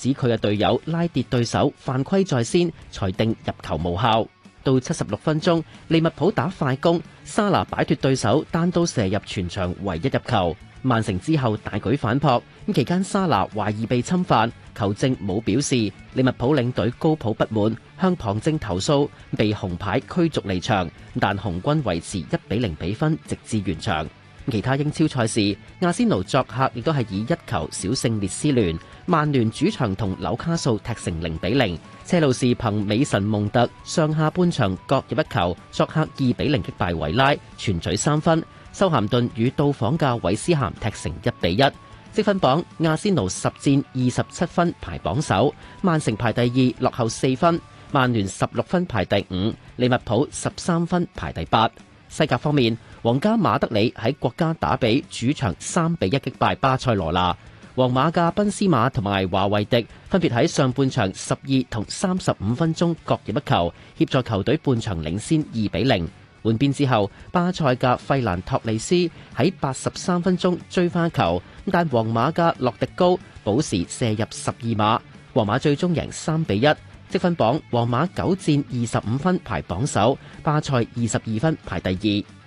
指佢嘅隊友拉跌對手犯規在先，裁定入球無效。到七十六分鐘，利物浦打快攻，沙拿擺脫對手單刀射入全場唯一入球。曼城之後大舉反撲，咁期間沙拿懷疑被侵犯，球證冇表示。利物浦領隊高普不滿，向旁證投訴，被紅牌驅逐離場。但紅軍維持一比零比分，直至完場。其他英超賽事，阿仙奴作客亦都係以一球小勝列斯聯；曼聯主場同紐卡素踢成零比零；車路士憑美神蒙特上下半場各入一球，作客二比零擊敗維拉，全取三分；修咸頓與到訪嘅韋斯咸踢成一比一。積分榜：阿仙奴十戰二十七分排榜首，曼城排第二，落後四分；曼聯十六分排第五，利物浦十三分排第八。西甲方面，皇家馬德里喺國家打比主場三比一擊敗巴塞羅那。皇馬嘅賓斯馬同埋華維迪分別喺上半場十二同三十五分鐘各入一球，協助球隊半場領先二比零。換邊之後，巴塞嘅費蘭托利斯喺八十三分鐘追翻球，但皇馬嘅洛迪高補時射入十二碼，皇馬最終贏三比一。積分榜：皇馬九戰二十五分排榜首，巴塞二十二分排第二。